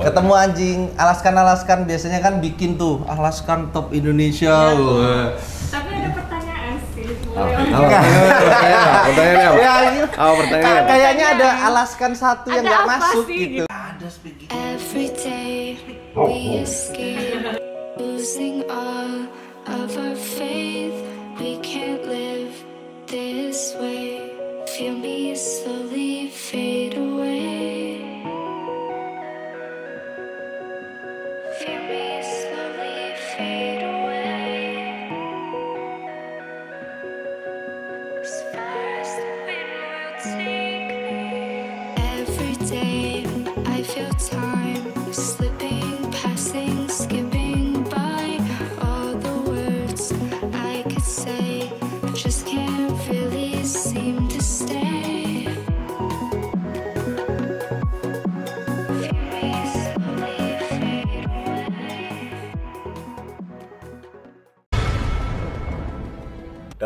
Boleh. Ketemu anjing, alaskan-alaskan biasanya kan bikin tuh alaskan top Indonesia. Ya. Tapi ada pertanyaan sih. Boleh. Oh, iya. iya. pertanyaan, iya, pertanyaan. Ya, oh, pertanyaan. Kayaknya ada alaskan satu ada yang nggak masuk sih, gitu. Ada begini. Oh. Feel me slowly fade.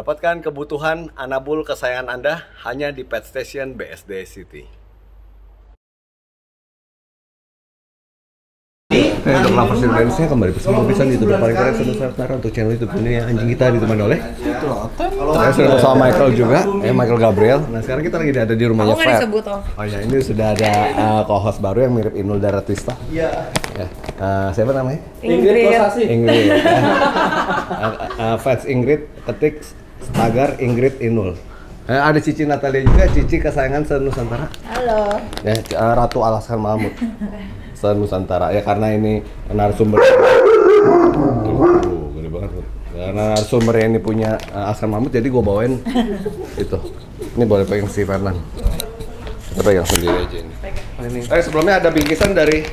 Dapatkan kebutuhan anabul kesayangan Anda hanya di Pet Station BSD City. Eh, untuk Lovers and Friends-nya kembali bersama bisa di YouTube paling keren sebesar sekarang untuk channel YouTube ini yang anjing kita ditemani oleh saya sudah bersama Michael juga, eh Michael Gabriel. Nah sekarang kita lagi ada di rumahnya Fred. Oh. oh ya ini sudah ada uh, co-host baru yang mirip Inul Daratista. Iya. Uh, siapa namanya? Ingrid. Ingrid. Ingrid. uh, uh, Fats Ingrid ketik tagar Ingrid Inul. Eh, ada Cici Natalia juga, Cici kesayangan Se Nusantara. Halo. Ya, eh, Ratu Alasan Mahmud. Se Nusantara. Ya karena ini narasumber. gede banget. Karena narasumber yang ini punya uh, eh, Alasan Mahmud, jadi gue bawain itu. Ini boleh pegang si Fernan. Kita pegang sendiri aja ini. Oh, sebelumnya ada bingkisan dari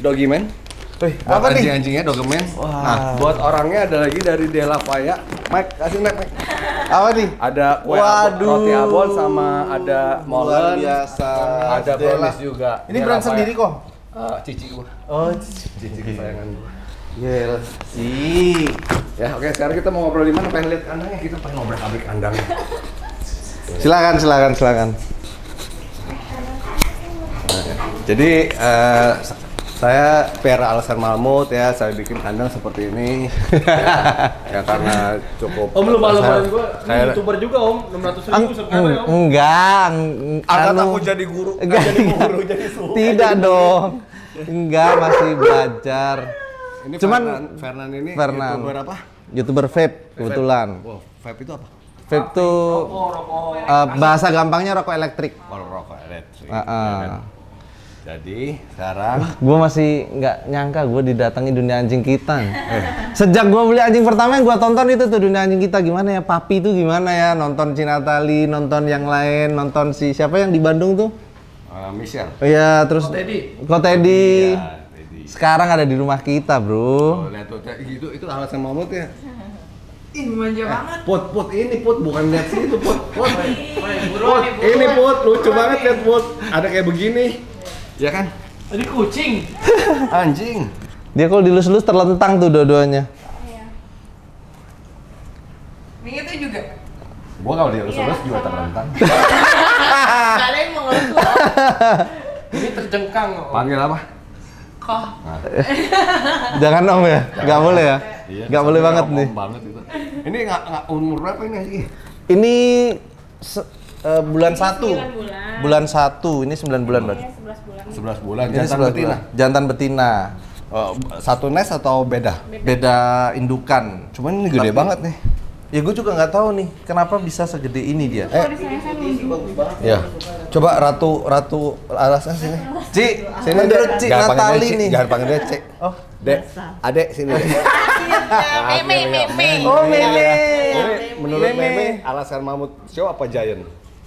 Doggy Man. Wih, apa anjing anjingnya dokumen. Wah. Nah, buat orangnya ada lagi dari Dela Faya. Mike, kasih Mike, Mike. Apa nih? Ada kue Waduh. roti abon sama ada molen. biasa. Ada brownies juga. Ini brand sendiri kok. Uh, cici gua. Oh, cici, cici kesayangan gua. Yes. Si. Ya, oke sekarang kita mau ngobrol di mana? Pengen lihat kandangnya, kita pengen ngobrol abrik kandangnya. silakan, silakan, silakan. Nah, jadi uh, saya per Alasan Malmut ya, saya bikin kandang seperti ini. ya, ya karena cukup. Om lu malu maluin gua. Saya YouTuber juga Om, 600 ribu subscriber ya mm, Om. Enggak. Akan anu- aku jadi guru, enggak. jadi guru, jadi suhu. Tidak dong. Enggak, masih belajar. Ini Cuman Fernan, ini Fernan. YouTuber apa? YouTuber vape kebetulan. Wow, vape itu apa? Vape itu uh, bahasa gampangnya rokok elektrik. Oh, rokok elektrik. Uh, uh. Jadi sekarang Wah, gue masih nggak nyangka gue didatangi dunia anjing kita. Sejak gue beli anjing pertama yang gue tonton itu tuh dunia anjing kita gimana ya papi itu gimana ya nonton Cinatali, nonton yang lain, nonton si siapa yang di Bandung tuh? Uh, Michelle. Oh iya terus. Kok Teddy. Kok Teddy. Ya, Teddy. Sekarang ada di rumah kita bro. Oh, lihat tuh gitu, itu itu sama mamut ya. Ih, manja eh, banget. Put, put ini put bukan lihat sini itu put, put. put. Ini put lucu banget lihat put. Ada kayak begini. Ya kan? Tadi kucing. Anjing. Dia kalau dilus-lus terlentang tuh dua-duanya. Iya. itu juga. Gua kalau dilus-lus iya, juga terlentang. Gak ada yang mau ngelus Ini tercengkang Om. Panggil apa? Kok. Nah. Jangan om ya, Jangan gak boleh ya. Iya, Gak boleh banget nih. banget itu. Ini nggak umur berapa ini sih? Ini uh, bulan ini 1. Bulan. bulan 1. Ini sembilan bulan iya, berarti. 11 bulan. 11 bulan. Jantan betina. Bulan. Jantan betina. Uh, satu nest atau beda? Beda, beda indukan. Cuman ini gede Tapi, banget nih. Ya gue juga nggak tahu nih kenapa bisa segede ini dia. Eh, ya. Coba ratu ratu alasnya sini. Ci, sini cek Ci Natali nih. Jangan panggil dia Ci. Oh, Dek. Adek sini. Meme, meme. Oh, meme. Menurut meme, alasan mamut show apa giant?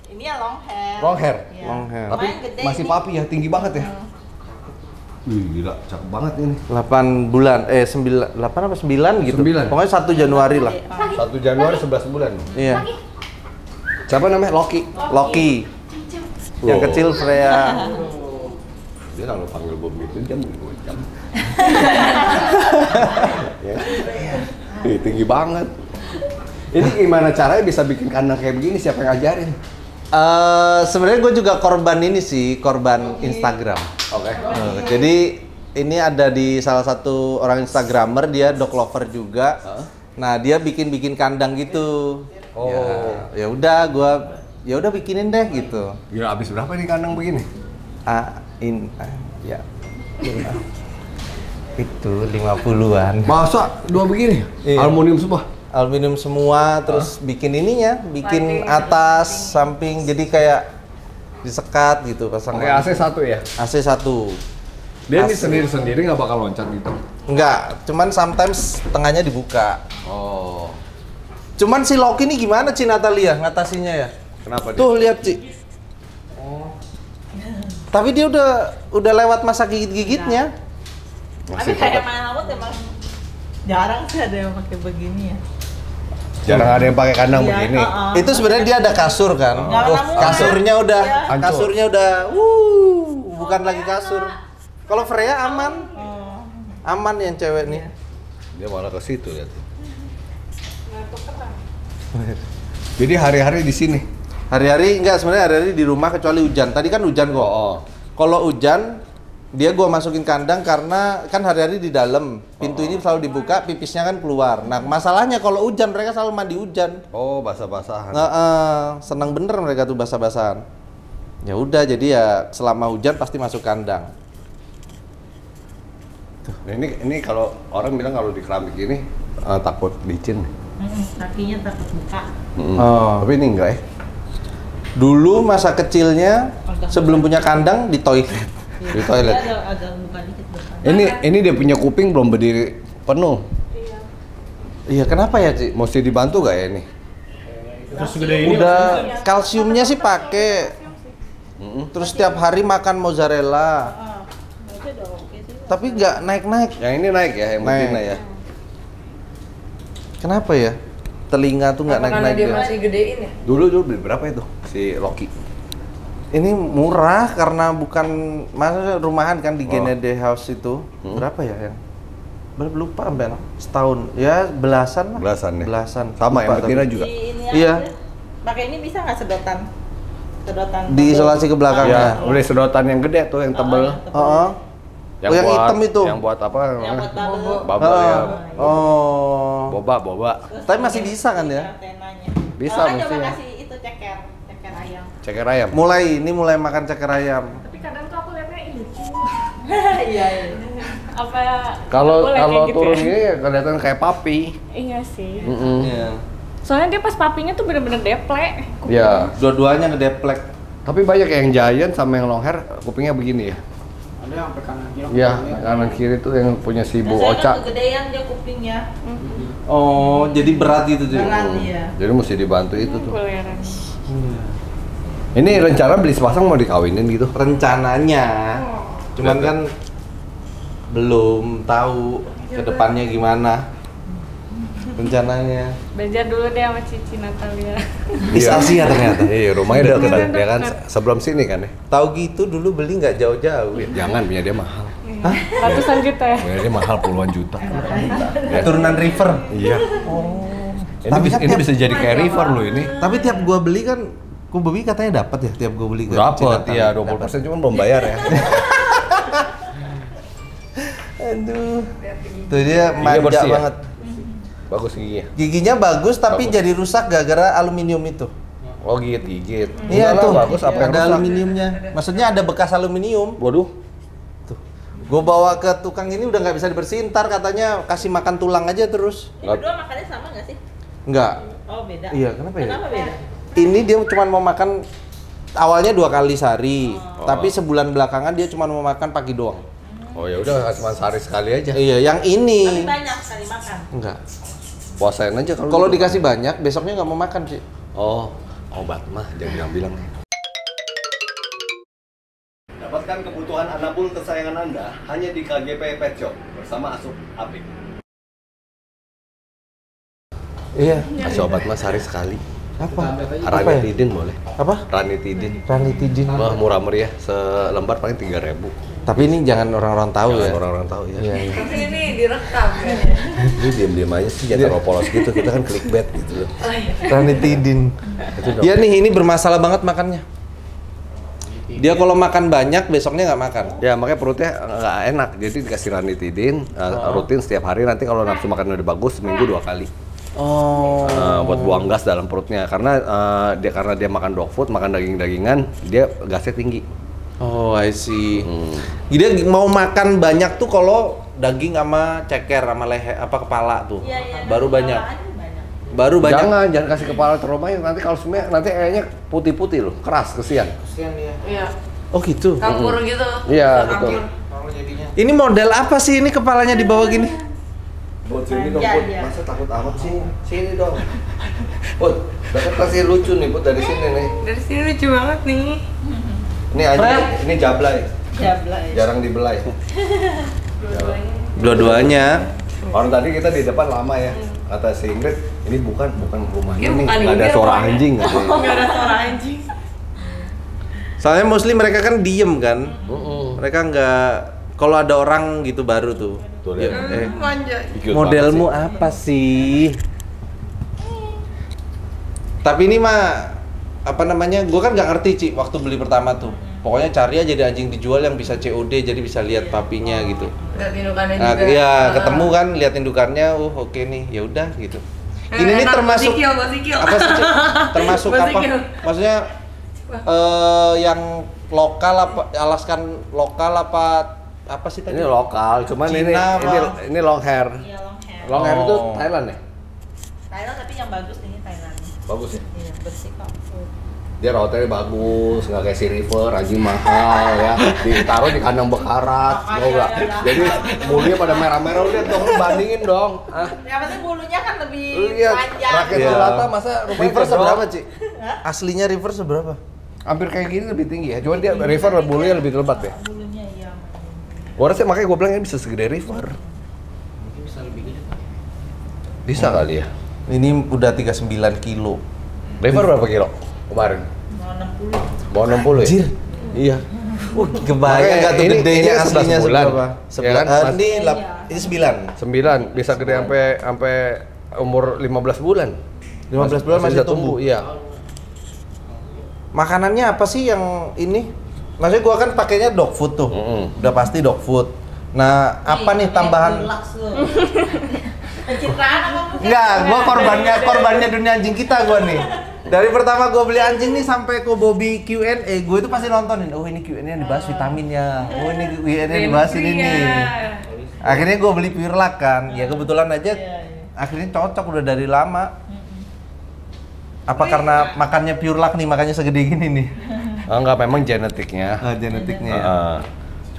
Ini ya long hair. Long hair. Ya. Long hair. Tapi gede masih ini. papi ya, tinggi banget ya. Hmm. Wih, gila, cakep banget ini. 8 bulan, eh 9, 8 apa 9 gitu. 9. Pokoknya 1 Januari lah. 1 Januari 11 bulan. Iya. Siapa namanya? Loki. Loki. Loki. Yang oh. kecil Freya. Dia kalau panggil Bob gitu, jam gue jam. ya. Ih, tinggi banget. Ini gimana caranya bisa bikin kandang kayak begini? Siapa yang ngajarin? Uh, Sebenarnya gue juga korban ini sih, korban okay. Instagram. Oke. Okay. Uh, eh, jadi ini ada di salah satu orang Instagramer, dia dog lover juga. Huh? Nah dia bikin bikin kandang gitu. Oh. Ya, ya udah, gue ya udah bikinin deh gitu. Gila abis berapa ini kandang begini? Ah, uh, in, uh, ya. itu lima puluhan. Masa dua begini? Iya. Aluminium semua aluminium semua terus bikin ininya bikin Lighting. atas samping jadi kayak disekat gitu pasang AC satu ya AC satu dia AC. ini sendiri sendiri nggak bakal loncat gitu Nggak, cuman sometimes tengahnya dibuka oh cuman si Loki ini gimana si Natalia ngatasinya ya kenapa tuh dia? lihat Ci oh tapi dia udah udah lewat masa gigit gigitnya nah. tapi kayak main laut emang jarang sih ada yang pakai begini ya jarang iya. ada yang pakai kandang iya, begini. Uh, uh. Itu sebenarnya dia ada kasur kan. Oh. kasurnya udah iya. kasurnya udah wuh, bukan oh, lagi kasur. Kalau Freya aman. Oh. Aman yang cewek nih. Iya. Dia malah ke situ ya Jadi hari-hari di sini. Hari-hari enggak sebenarnya hari-hari di rumah kecuali hujan. Tadi kan hujan kok. Oh. oh. Kalau hujan dia gua masukin kandang karena kan hari-hari di dalam pintu ini oh. selalu dibuka pipisnya kan keluar nah masalahnya kalau hujan mereka selalu mandi hujan oh basah-basahan nah, uh, senang bener mereka tuh basah-basahan ya udah jadi ya selama hujan pasti masuk kandang nah, ini ini kalau orang bilang kalau di keramik ini uh, eh, takut licin kakinya takut buka hmm. oh. tapi ini enggak ya dulu masa kecilnya sebelum punya kandang di toilet Iya. di toilet. Ada, ada muka dikit ini ini dia punya kuping belum berdiri penuh. Iya. Iya kenapa ya Ci? Mesti dibantu gak ya ini? Terus gede ini udah kalsiumnya sih pakai. Terus setiap hari makan mozzarella. Ah, ah. Tapi nggak naik-naik. Yang ini naik ya, yang naik. ya. Kenapa ya? Telinga tuh nggak naik-naik. Karena dia ya? masih gedein ya? Dulu dulu berapa itu si Loki? ini murah karena bukan masa rumahan kan di oh. Genede House itu hmm. berapa ya yang lupa Ben setahun ya belasan lah belasan ya belasan sama lupa, yang betina juga iya pakai ini bisa nggak sedotan sedotan diisolasi ke belakang ya, boleh sedotan yang gede tuh yang oh, tebel oh, yang, tebel. Oh, -huh. yang, oh, yang buat, hitam itu yang buat apa yang buat bubble, bubble oh. ya oh boba boba Terus tapi masih bisa kan ya, ya bisa oh, masih ya. kasih itu ceker ceker ayam ceker ayam mulai ini mulai makan ceker ayam tapi kadang tuh aku lihatnya ini. Iya, iya apa kalau kalau gitu turun ya? ini ya kelihatan kayak papi iya sih mm -mm. Yeah. soalnya dia pas papinya tuh bener-bener deplek Iya, yeah. dua-duanya ngedeplek tapi banyak yang giant sama yang long hair kupingnya begini ya ada yang kanan kiri Iya, kanan kiri tuh yang punya si Bu Oca kegedean dia kupingnya mm -hmm. oh jadi berat itu tuh ya? iya. jadi mesti dibantu itu tuh ini rencana beli sepasang mau dikawinin gitu? Rencananya. Cuman kan belum tahu iya, kedepannya gimana rencananya belajar dulu deh sama Cici Natalia di iya. Asia ya ternyata iya rumahnya udah kan ya kan sebelum sini kan ya tahu gitu dulu beli nggak jauh-jauh ya jangan punya dia mahal iya. Hah? ratusan juta ya punya dia mahal puluhan juta eh, ya. turunan river iya oh ini, bisa, kan ini bisa jadi kayak river loh ini tapi tiap gua beli kan Gue beli katanya dapat ya tiap gue beli. Kan? Dapat, iya 20 dapet. persen cuma belum bayar ya. Aduh. Itu dia manja bersih, ya? banget. Ya? Bagus giginya. Giginya bagus tapi bagus. jadi rusak gara-gara aluminium itu. Oh gigit gigit. Iya tuh. Bagus apa ada aluminiumnya. Maksudnya ada bekas aluminium. Waduh. Tuh. Gue bawa ke tukang ini udah nggak bisa dibersihin. Ntar katanya kasih makan tulang aja terus. Ini berdua makannya sama nggak sih? Nggak. Oh beda. Iya kenapa, kenapa ya? Kenapa beda? ini dia cuma mau makan awalnya dua kali sehari, oh. tapi sebulan belakangan dia cuma mau makan pagi doang. Oh ya udah cuma sehari sekali aja. Iya, yang ini. Tapi banyak sekali makan. Enggak. Puasain aja kalau. Kalau gitu, dikasih makan. banyak, besoknya nggak mau makan sih. Oh, obat mah jangan bilang. Dapatkan kebutuhan anabul kesayangan Anda hanya di KGP Pet Shop bersama Asup Apik. Iya, kasih obat mah sehari sekali apa ranitidin ya? boleh apa ranitidin ranitidin Wah, murah meriah selembar paling tiga ribu tapi ini jangan orang-orang tahu jangan ya orang-orang tahu ya, Iya. ya. tapi ini direkam ya. ini diam-diam aja sih jangan terlalu polos gitu kita kan clickbait gitu loh Ranitidin. Oh, iya. nih ini bermasalah banget makannya dia kalau makan banyak besoknya nggak makan. Ya makanya perutnya eh, nggak enak. Jadi dikasih ranitidin eh, rutin setiap hari. Nanti kalau nafsu makan udah bagus seminggu dua kali. Oh. Uh, buat buang gas dalam perutnya karena uh, dia karena dia makan dog food, makan daging-dagingan, dia gasnya tinggi. Oh, I see. Hmm. Dia mau makan banyak tuh kalau daging sama ceker sama leher apa kepala tuh. Ya, ya, baru banyak. banyak. Baru banyak. Jangan jangan kasih kepala terlalu banyak nanti kalau semuanya nanti kayaknya putih-putih loh, keras kesian. Kesian dia. Iya. Oh gitu. Kampur gitu. Iya, betul. Ini model apa sih ini kepalanya di bawah gini? buat sini iya, dong, Bot. Iya. masa takut amat sih, sini dong. Buat, dapat pasti lucu nih, buat dari sini nih. Dari sini lucu banget nih. Ini aja, ini jablay. Jablay. Jarang dibelai. Dua-duanya. Orang tadi kita di depan lama ya. Kata si Ingrid, ini bukan bukan rumahnya ini iya, nih. Enggak ada suara anjing nggak sih? Enggak ada suara anjing. Soalnya mostly mereka kan diem kan. Mm -hmm. Mereka nggak kalau ada orang gitu baru tuh Tuh lihat. Ya. Hmm, eh, manja. Modelmu sih. apa sih? Tapi ini mah apa namanya? Gue kan nggak ngerti Ci waktu beli pertama tuh. Pokoknya cari aja jadi anjing dijual yang bisa COD jadi bisa lihat iya. papinya oh, gitu. Lihat indukannya nah, juga. Iya, ah. ketemu kan lihat indukannya, uh oke okay nih, ya udah gitu. Eh, ini, ini termasuk sikil, sikil. apa sih? termasuk Termasuk apa? Maksudnya eh uh, yang lokal apa alaskan lokal apa apa sih tadi? Ini lokal, cuman Cina ini, ini ini long hair. Iya, long hair. Long oh. hair itu oh. Thailand ya? Thailand tapi yang bagus ini Thailand. Bagus ya? Iya, bersih kok. Dia routernya bagus, nggak kayak si River, rajin mahal ya. Ditaruh di kandang bekarat, oh, ya, ya, Jadi mulia pada merah-merah udah dong, bandingin dong. Ah. Yang penting bulunya kan lebih iya, panjang. Rakyat yeah. masa River seberapa, sih? Aslinya River seberapa? Hampir kayak gini lebih tinggi ya, cuman dia River bulunya lebih lebat ya. Bulunya Warasnya makanya gue bilang ini bisa segede River. Mungkin bisa lebih gede. Bisa oh. kali ya. Ini udah 39 kilo. River berapa kilo kemarin? Mau 60. Mau 60 ya? Anjir. Iya. Wah, kebayang enggak tuh gedenya aslinya sebulan. seberapa? Sebelan. Ya kan? uh, ini, lap, ini 9. 9. Bisa gede sampai sampai umur 15 bulan. 15 bulan masih, masih tumbuh. tumbuh. Iya. Oh, iya. Makanannya apa sih yang ini? maksudnya gua kan pakainya dog food tuh. Mm -hmm. Udah pasti dog food. Nah, apa iya, nih tambahan? Enggak, gua korbannya korbannya dunia anjing kita gua nih. Dari pertama gue beli anjing nih sampai ke Bobby Q&A, gue itu pasti nontonin. Oh ini Q&A yang dibahas ah. vitaminnya. Oh ini Q&A yang dibahas ini nih. Iya. Akhirnya gue beli Pirlak kan. Ya ah. kebetulan aja iya, akhirnya cocok udah dari lama. Apa karena makannya Pirlak nih makannya segede gini nih? Oh, enggak, memang genetiknya. Uh, genetiknya. Uh, ya.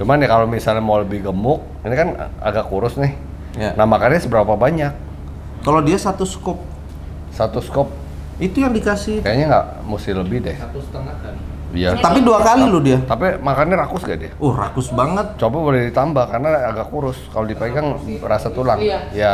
Cuman ya kalau misalnya mau lebih gemuk, ini kan agak kurus nih. Yeah. Nah makannya seberapa banyak? Kalau dia satu scoop. Satu scoop. Itu yang dikasih. Kayaknya nggak mesti lebih deh. Satu setengah kan. Iya. Tapi dua kali lu dia. Tapi makannya rakus gak dia? Uh, rakus banget. Coba boleh ditambah karena agak kurus. Kalau dipegang rasa tulang. Iya. Iya.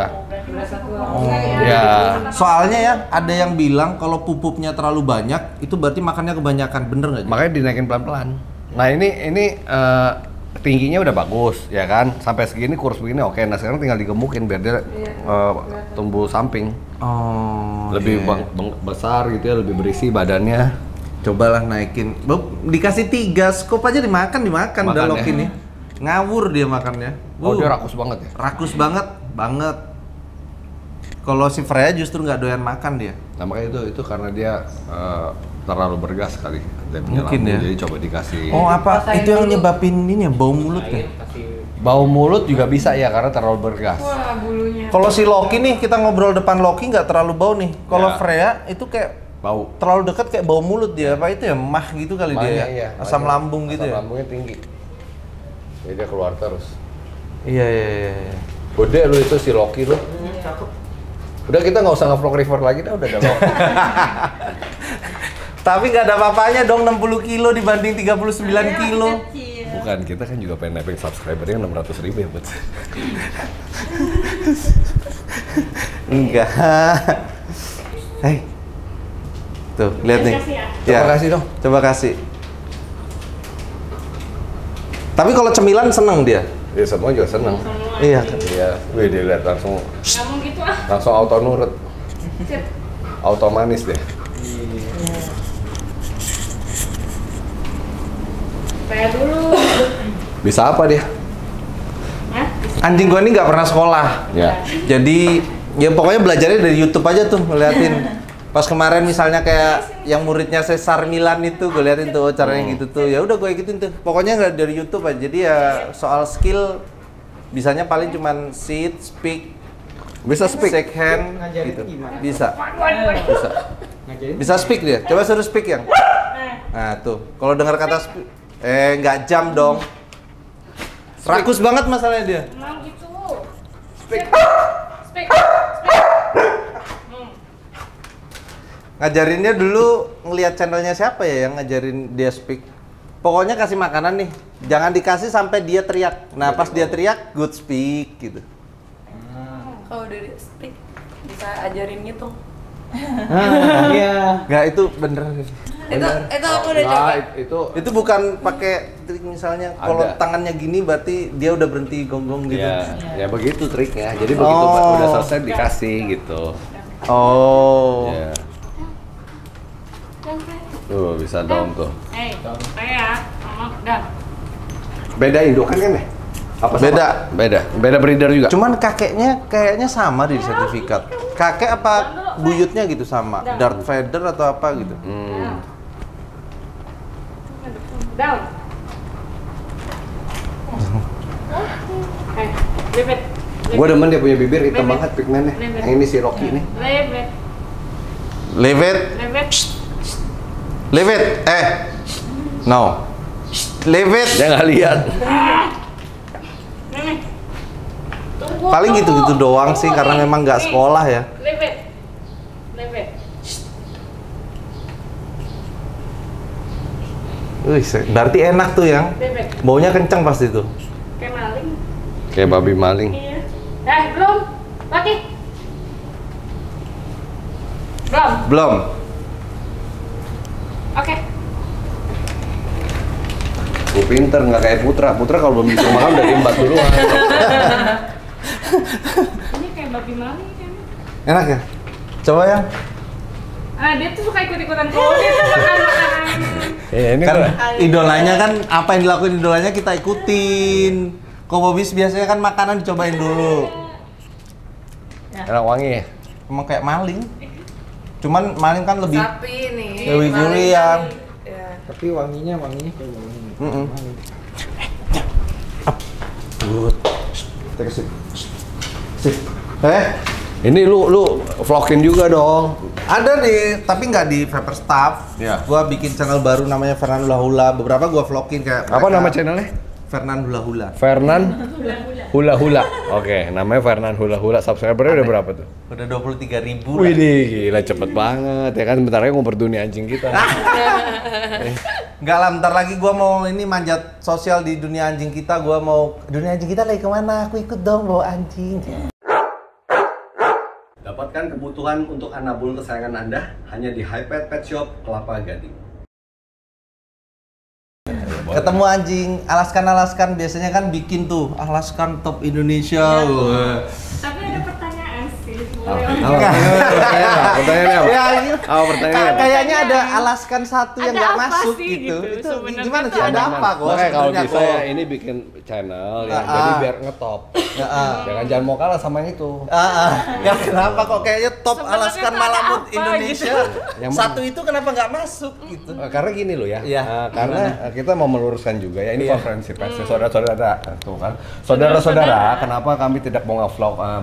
Oh. Ya. Soalnya ya ada yang bilang kalau pupuknya terlalu banyak itu berarti makannya kebanyakan. Bener nggak? Makanya dinaikin pelan-pelan. Nah ini ini uh, tingginya udah bagus ya kan sampai segini kurus begini oke nah sekarang tinggal digemukin biar dia uh, tumbuh samping oh, lebih yeah. Iya, iya. besar gitu ya lebih berisi badannya cobalah naikin Bob, dikasih tiga skop aja dimakan dimakan udah lock ya. ini ngawur dia makannya oh uh, dia rakus banget ya rakus banget banget kalau si Freya justru nggak doyan makan dia nah makanya itu itu karena dia uh, terlalu bergas kali mungkin ya jadi coba dikasih oh apa Pasain itu yang nyebabin ini ya bau mulut ya bau mulut juga bisa ya karena terlalu bergas kalau si Loki nih kita ngobrol depan Loki nggak terlalu bau nih kalau ya. Freya itu kayak bau terlalu dekat kayak bau mulut dia apa itu ya mah gitu kali Mahnya, dia ya iya, iya. asam iya. lambung gitu asam ya lambungnya tinggi jadi dia keluar terus iya iya iya, iya. gede lu itu si Loki lu udah kita nggak usah ngevlog river lagi dah udah ada tapi nggak ada papanya apanya dong 60 kilo dibanding 39 kilo bukan kita kan juga pengen naik subscribernya 600 ribu ya buat enggak hei Tuh, lihat nih. Ya. ya. Coba kasih dong. Coba kasih. Tapi kalau cemilan seneng dia. Ya semua juga seneng. iya Iya, wih dia lihat langsung. gitu ah. Langsung auto nurut. Auto manis deh. Iya. dulu. Bisa apa dia? Anjing gua ini nggak pernah sekolah. Ya. Jadi ya pokoknya belajarnya dari YouTube aja tuh ngeliatin. pas kemarin misalnya kayak yang muridnya Cesar Milan itu gue liatin tuh oh, caranya hmm. gitu tuh ya udah gue ikutin tuh pokoknya nggak dari YouTube aja jadi ya soal skill bisanya paling cuman sit speak bisa speak shake hand gitu bisa eh. bisa bisa speak dia coba suruh speak yang nah tuh kalau dengar kata speak eh nggak jam dong rakus banget masalahnya dia gitu. speak speak speak ngajarinnya dulu ngelihat channelnya siapa ya yang ngajarin dia speak pokoknya kasih makanan nih jangan dikasih sampai dia teriak nah pas dia teriak good speak gitu hmm. kalau dari speak bisa ajarin gitu ah, iya nggak itu bener itu bener. itu aku udah nah, coba itu itu bukan pakai trik misalnya kalau tangannya gini berarti dia udah berhenti gonggong gitu ya, ya begitu triknya jadi begitu oh. udah selesai dikasih iya. gitu oh iya. Tuh bisa dong tuh. eh hey, saya sama dan. Beda indukan kan ya? Apa sama? beda, beda, beda breeder juga. Cuman kakeknya kayaknya sama di sertifikat. Kakek apa buyutnya gitu sama, dart feather atau apa gitu. Hmm. Down. Hey, Gue demen dia punya bibir hitam banget pigmennya. Yang ini si Rocky nih. Levet. Levet. Levet. Leave it. Eh. No. Leave it. nggak lihat. Paling gitu-gitu doang sih karena memang nggak sekolah ya. Leave it. Wih, berarti enak tuh yang. Baunya kencang pasti tuh. Kayak maling. Kayak babi maling. Iya. Eh, belum. Lagi. Belum. Belum. pinter nggak kayak Putra. Putra kalau belum disuruh makan dari empat dulu. Ini kayak babi mami kan. Enak ya? Coba ya. Ah, dia tuh suka ikut-ikutan kalau dia tuh makan makanan. Eh, ini kan idolanya kan apa yang dilakuin idolanya kita ikutin. Bobis biasanya kan makanan dicobain dulu. Enak wangi ya? Emang kayak maling. Cuman maling kan lebih Sapi nih. Lebih gurih ya. Iya. Tapi wanginya wanginya kayak wangi. Mm -hmm. Eh, ini lu lu vlogin juga dong. Ada nih, tapi nggak di paper Staff. Yeah. Gua bikin channel baru namanya Fernando Lahula. Beberapa gua vlogin kayak. Apa mereka. nama channelnya? Fernand Hula Hula. Fernand Hula Hula. Oke, okay, namanya Fernand Hula Hula. Subscribernya udah berapa tuh? Udah dua puluh tiga ribu. Wih, nih, gila cepet banget ya kan. Bentar lagi ngumpet dunia anjing kita. Enggak ah. lah, bentar lagi gue mau ini manjat sosial di dunia anjing kita. Gue mau dunia anjing kita lagi kemana? Aku ikut dong bawa anjing. Dapatkan kebutuhan untuk anabul kesayangan Anda hanya di Hypet Pet Shop Kelapa Gading ketemu anjing alaskan alaskan biasanya kan bikin tuh alaskan top Indonesia ya. tapi Ya, kayaknya ada alaskan satu yang nggak masuk gitu. gitu. Itu gimana sih? Ada apa kok? kayak kalau bisa ya ini bikin channel ya, ah, jadi ah. biar ngetop. Ya, ah. Jangan jangan mau kalah sama yang itu. Ya kenapa kok kayaknya top alaskan malamut Indonesia gitu. satu itu kenapa nggak masuk gitu? Eh, karena gini loh ya. Iya. Eh, karena eh, kita mau meluruskan juga ya ini iya. konferensi pers ya, saudara-saudara tuh kan. Saudara-saudara, kenapa kami tidak mau nge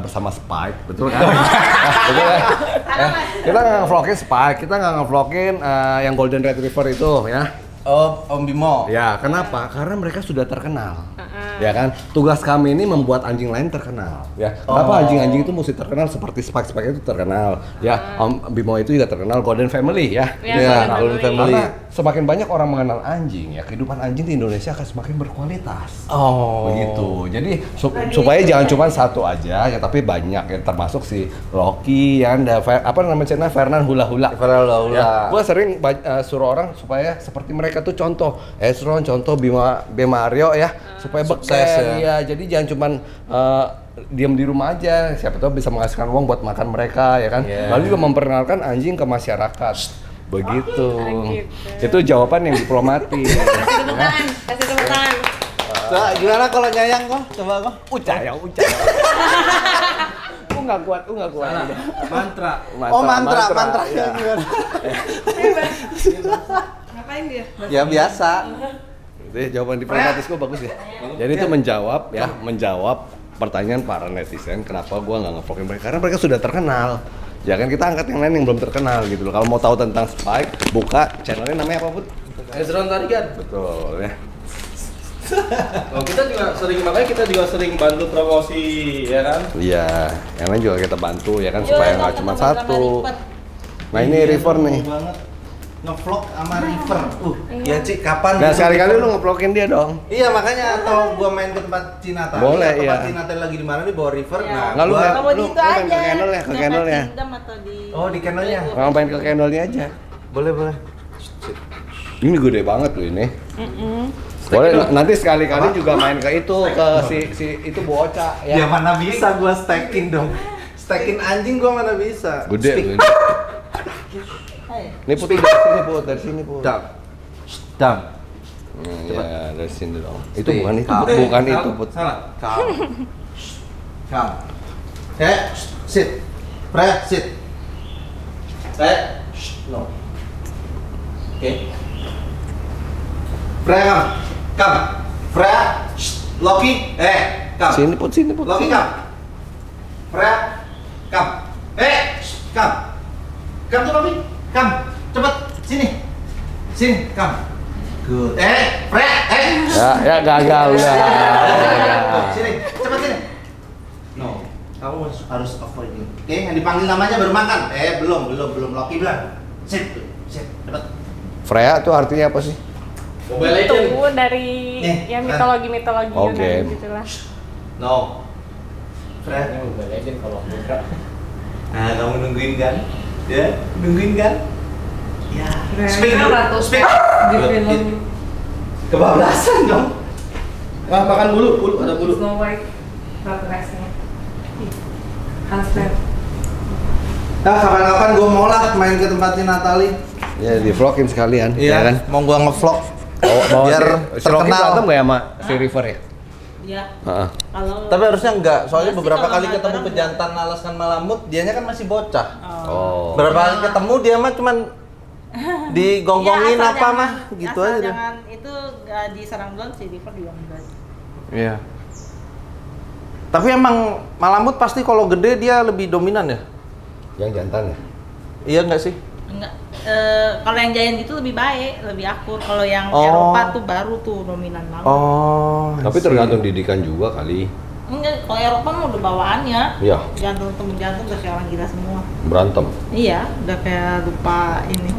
bersama Spike? Betul kan? nah, kita nggak ngevlogin Spike, kita nggak ngevlogin uh, yang Golden Retriever itu ya. Oh, Om Bimo. Ya, kenapa? Karena mereka sudah terkenal. Uh-uh. Ya kan? Tugas kami ini membuat anjing lain terkenal. Ya. Kenapa oh. anjing-anjing itu mesti terkenal seperti Spike Spike itu terkenal. Ya, uh-uh. Om Bimo itu juga terkenal Golden Family ya. Ya, ya Golden Family. Karena semakin banyak orang mengenal anjing ya, kehidupan anjing di Indonesia akan semakin berkualitas. Oh. Begitu. Jadi su- supaya jangan ya. cuma satu aja ya, tapi banyak ya termasuk si Loki yang ada apa namanya channel Fernan Hula Hula. Fernan Hula Hula. Ya. Gua sering uh, suruh orang supaya seperti mereka mereka tuh contoh Esron, contoh Bima Aryo ya uh, supaya sukses ya. ya. Iya, jadi jangan cuman uh, eh, diam di rumah aja. Siapa tahu bisa menghasilkan uang buat makan mereka ya kan. Yeah. Lalu juga memperkenalkan anjing ke masyarakat. Begitu. Oh, gitu. Itu jawaban yang diplomatis. Kasih tepuk tangan, kasih tepuk iya. tangan. Coba gimana kalau nyayang kok? Coba kok. Ucah uh, ya, ucah. Uh, nggak kuat, aku nggak kuat. Mantra. mantra. Oh mantra, mantra. mantra. Ya. ngapain dia? Ya biasa. Jadi jawaban diplomatis gue bagus ya. Jadi ya, itu ya. menjawab ya, ya, menjawab pertanyaan para netizen kenapa gue nggak ngevlogin mereka karena mereka sudah terkenal ya kan kita angkat yang lain yang belum terkenal gitu loh kalau mau tahu tentang Spike buka channelnya namanya apa bud? Ezron tadi kan betul ya oh, kita juga sering makanya kita juga sering bantu promosi ya kan iya yang lain juga kita bantu ya kan Yo, iya, supaya iya, nggak iya, cuma satu nah ini river nih ngevlog sama River. Iya. Uh, iya Cik, kapan? Nah, sekali-kali lu ngevlogin dia dong. Iya, makanya atau gua main ke tempat Cina tadi. Boleh, iya, tempat iya. Tempat tadi lagi di mana nih bawa River. Iya. Nah, Lalu gua, lu, lu, lu aja. ke Kenol ya, ke Kenol ya. Oh, di channelnya. Mau main ke channelnya aja. Boleh, boleh. Ini gede banget loh ini. Mm Boleh nanti sekali-kali juga main ke itu ke si si itu bocah ya. Ya mana bisa gua stekin dong. Stekin anjing gua mana bisa. Gede Ini putih dari sini, Bu. Dari sini, Bu. Dam. Dam. Hmm, ya, dari sini dong. Itu bukan itu, Kau. bukan itu, Put. Salah. Kau. Kau. Eh, sit. Pre, sit. Eh, no. Oke. Okay. Pre, kam. Kam. Pre, Loki, eh, kam. Sini, Put, sini, Put. Loki, kam. Pre, kam. Eh, kam. Kam tuh, Loki. Kam, cepet sini. Sini, Kam. Good. Eh, pre, eh. Ya, ya gagal udah. Ya, ya. sini, cepet sini. No, kamu harus ini Oke, yang dipanggil namanya baru makan. Eh, belum, belum, belum. Loki bilang. Sip, sip, cepet. Freya itu artinya apa sih? Mobile Itu dari Nih, ya kan. mitologi-mitologi okay. Yunani gitu No. Freya Mobile Legend kalau bukan. Nah, kamu nungguin kan? ya nungguin kan ya nah, speak dulu di film kebablasan dong ah makan bulu bulu ada bulu Snow White Hans Nah, kapan-kapan gue mau lah main ke tempatnya Natali. Ya, di vlogin sekalian. ya, ya kan? Mau gue ngevlog. Bawa, biar terkenal. Si Rocky berantem gak ya sama si River ya? Iya. Uh -uh. Tapi harusnya enggak, soalnya beberapa kali ketemu pejantan enggak. alaskan malamut, dianya kan masih bocah. Oh. oh. Berapa kali iya. ketemu dia mah cuman digonggongin ya, apa mah gitu asal aja. Jangan itu enggak diserang duluan sih, liver juga enggak. Iya. Tapi emang malamut pasti kalau gede dia lebih dominan ya? Yang jantan ya? Iya enggak sih? Eh, kalau yang Giant itu lebih baik, lebih akur. Kalau yang oh. Eropa tuh baru tuh dominan banget. Oh. Tapi tergantung didikan juga kali. Enggak, kalau Eropa mah udah bawaannya. Iya. Jantung temen jantung udah kayak orang gila semua. Berantem. Iya, udah kayak lupa ini.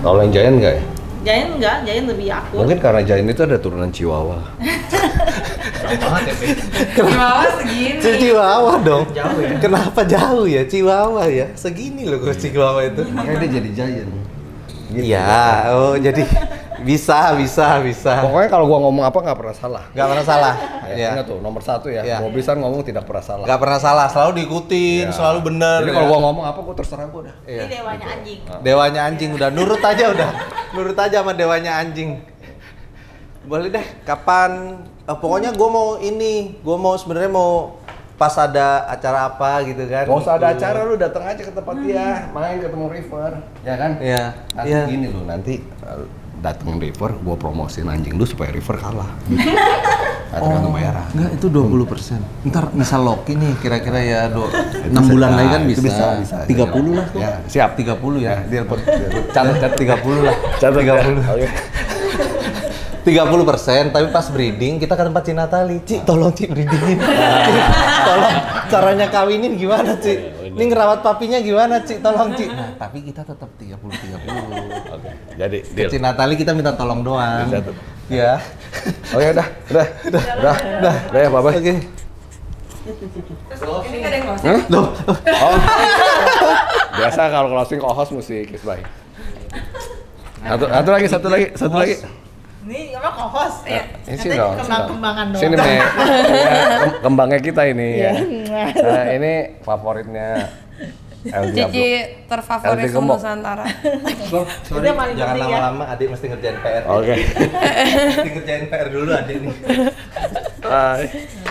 Kalau yang Giant enggak ya? Jayan enggak, Jayan lebih akur. Mungkin karena Jayan itu ada turunan Chihuahua. Jauh ya, Chihuahua segini. Chihuahua dong. Jauh ya. Kenapa jauh ya Chihuahua ya? Segini loh gue Chihuahua itu. Makanya dia jadi Jayan. Gitu. oh jadi bisa, bisa, bisa. Pokoknya kalau gua ngomong apa nggak pernah salah. Nggak pernah salah. Ya, yeah. tuh nomor satu ya. Yeah. Bobby San ngomong tidak pernah salah. Nggak pernah salah, selalu diikutin, yeah. selalu benar. Jadi ya. kalau iya. gua ngomong apa, gua terserah gua dah. Iya. Ini dewanya gitu. anjing. Nah. Dewanya anjing udah nurut aja udah. nurut aja sama dewanya anjing. Boleh deh, kapan? Eh, pokoknya gua mau ini, gua mau sebenarnya mau pas ada acara apa gitu kan Mau ada gitu. acara lu datang aja ke tempat hmm. dia main ketemu River ya kan iya nanti ya. gini lu nanti eh, datang River, gua promosiin anjing lu supaya River kalah. Gitu. oh, bayaran. Enggak, itu 20 persen. Ntar misal Loki nih, kira-kira ya do, 6 bulan lagi kan bisa. bisa, bisa. 30 lah. Ya, siap. 30 ya. Dia calon Catat 30 lah. Catat 30. Ya. Oke. 30 persen, tapi pas breeding kita kan empat Cina tali. Cik, tolong cik breedingin. Ah. tolong caranya kawinin gimana cik. Iya, Ini ngerawat papinya gimana cik. Tolong cik. Nah, tapi kita tetap 30 30. Oke. Jadi Ke Cina tali kita minta tolong doang. Iya. Oh, ya. Oke, udah, udah, udah, udah, udah, udah, ya, bye bye. Oke. Ini Loh. Oh. Biasa kalau closing kohos mesti kiss bye. Satu, satu lagi, satu lagi, satu lagi. Ini apa kohos ya? Ini sih dong. Kembang-kembangan dong. Sini me, iya, kembangnya kita ini ya. Iya. Nah, ini favoritnya LG Cici terfavorit di Nusantara. jangan ya. lama-lama adik mesti ngerjain PR. Oke. Okay. mesti ngerjain PR dulu adik nih. Bye.